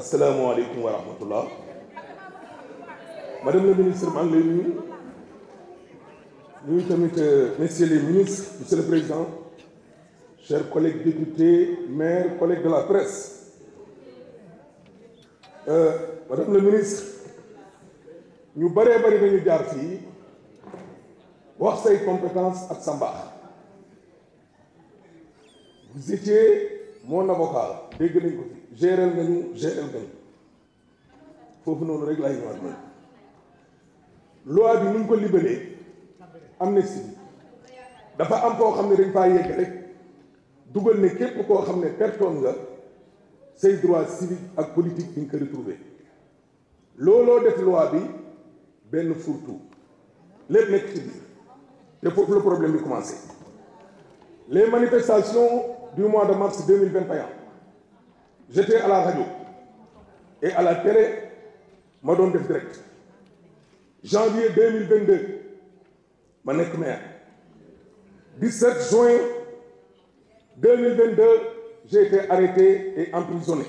asalaamaaleykum wa rahmatullah madame la ministre maa ngi ñu nuyu nuyu tamit euh, messieurs les ministres monsieur le président chers collègues députés maires collègues de la presse euh, madame la ministre ñu bëree bëri nañu jaar fii wax say compétence ak sa mbaax vous étiez mon avocat dégg nañ ko géral nga ñu géral nga ñu foofu noonu rek laay ñëwaat man loi bi nu ñu ko libéré amnistie bi dafa am koo xam ne dañ faa yegg rek dugal ne képp koo xam ne personne nga say droit civique ak politique bi nga ko retrouvé looloo def loi bi benn fourre-tout lépp nekk ci biir te foofu le problème bi commencé les manifestations du mois de mars deux mille vingt et j'étais à la radio et à la télé ma doon def direct janvier 2022 ma nekk maire 17 juin 2022 j'ai été arrêté et emprisonné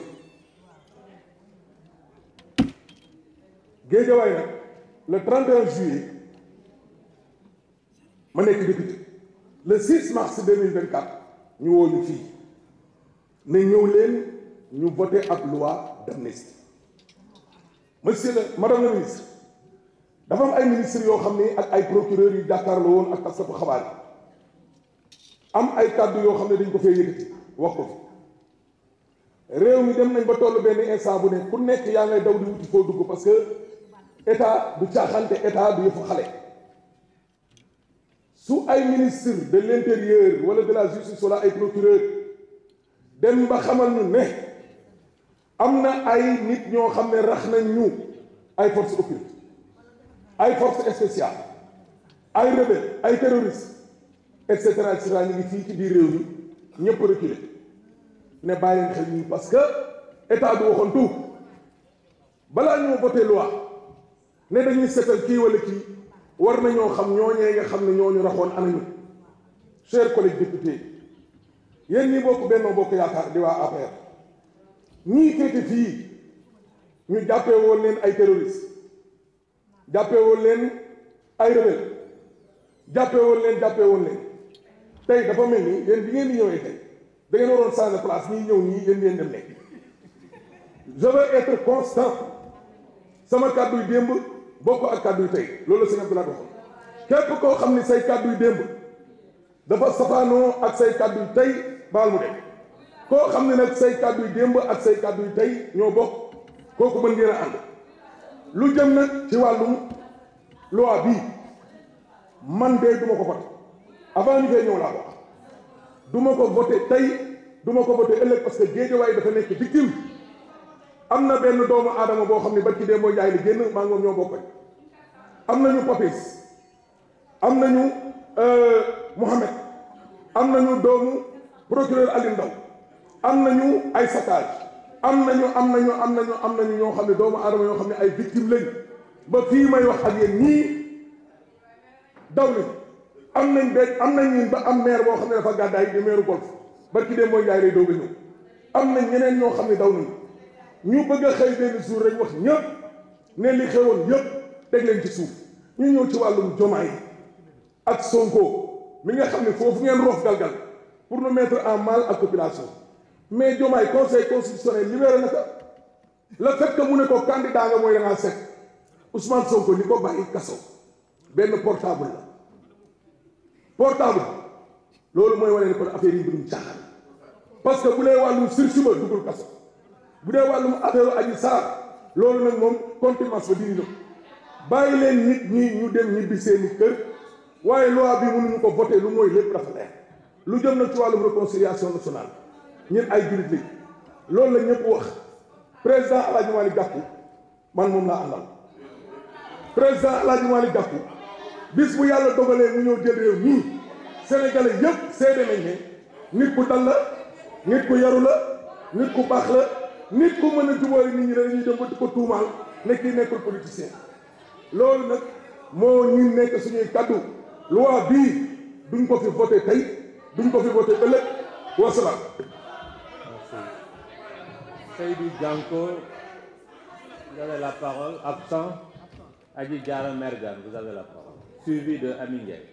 Guédiawaye nag le 31 juillet ma nekk député le 6 mars 2024 ñu woo ñu fii ne ñëw leen ñu voté ab loi d'amnistie monsieur le madame la ministre dafa am ay ministres yoo xam ne ak ay procureurs yu jàkkaarloo woon ak taskatu xabaar yi am ay kàddu yoo xam ne dañ ko fee yëkkati wax ko fi réew dem nañ ba toll benn instant bu ne ku nekk yaa ngay daw di wuti foo dugg parce que état du caaxante état du yëfu xale su ay ministre de l'intérieur wala de la justice wala ay procureurs dem ba xamal ñu ne am na ay nit ñoo xam ne rax nañ ñu ay forces occultes ay forces spéciales ay rebelles ay terroristes et cetera et cetera ngi fii ci biir réew mi ñëpp reculé ne bàyyi xel ñu parce que état bi waxoon tout balaa ñoo voté loi ne dañuy seetal kii wala kii war nañoo xam ñooñee nga xam ne ñooñu raxoon anañu chers collègues députés yéen ñi benn Benno Bokk Yaakaar di waa APR. ñii féete fii ñu jàppee woon leen ay terroriste jàppee woon leen ay rebelle jàppee woon leen jàppee woon leen tey dafa mel ni yéen bi ngeen di ñëwee tey da ngeen waroon changer place ñii ñëw ñii yéen ngeen dem nekk je veux être constant sama kàdduy démb bokk ak kàdduy tey loolu si nga ko képp koo xam ni say kàdduy démb dafa safaanoo ak say kàdduy tey baal mu de koo xam ne nag say kàddu yi démb ak say kàddu yi ñoo bokk kooku mën ngeen a ànd lu jëm nag ci wàllum loi bii man de duma ko voté avant ñu fee ñëw laa wax duma ko voté tey duma ko voté ëllëg parce que Guédiawaye dafa nekk di victime am na benn doomu aadama boo xam ne barki dee mooy jaay li génn maa ngoom ñoo bokk am nañu Papis am nañu euh, Mohamed am nañu doomu procureur Aliou am na ñu ay saccage am nañu am nañu am nañu am nañu ñoo xam ne doomu aadama yoo xam ne ay bitim lañ ba fii may wax ak yéen ñii daw nañ am nañ benn am nañ ba am maire boo xam ne dafa gàddaay di maire golf ba ki dem mooy yaay lay doog a am nañ ñeneen ñoo xam ne daw nañ ñu bëgg a xëy benn jour rek wax ñëpp ne li xewoon yëpp teg leen ci suuf ñu ñëw ci wàllum jomaay ak Sonko mi nga xam ne foofu ngeen rof galgal pour nous mettre en mal ak population mais Diomaye conseil constitutionnel libéré na ko le fait que mu ne ko candidat nga mooy da ngaa set Ousmane Sonko ni ko bàyyi kaso benn portable la portable loolu mooy wane ne kon affaire yi duñ caaxaan parce que bu dee wàllum sursis ba duggul kaso bu dee wàllum affaire Adji Sarr loolu nag moom contumace ba dindi na bàyyi leen nit ñi ñu dem ñibbi seeni kër waaye loi bi mënuñu ko voté lu mooy lépp dafa leer lu jëm na ci wàllum réconciliation nationale ñun ay jullit lañ loolu la ñëpp wax président El Hadj man moom laa àndal président El Hadj Malick Gakou bis bu yàlla dogalee mu ñëw jël réew nii sénégalais yëpp seede nañ ne nit ku dal la nit ku yaru la nit ku baax la nit ku mën a jubóori nit ñi dañuy dem ba di tuumaal ne kii nekkul politicien loolu nag moo ñu nekk suñuy kaddu loi bii duñ ko fi voté tey duñ ko fi voté ëllëg wasalaam Seydou Dianko, vous avez la parole. Absent. Adi Mergan, vous avez la parole. Suivi de Amingel.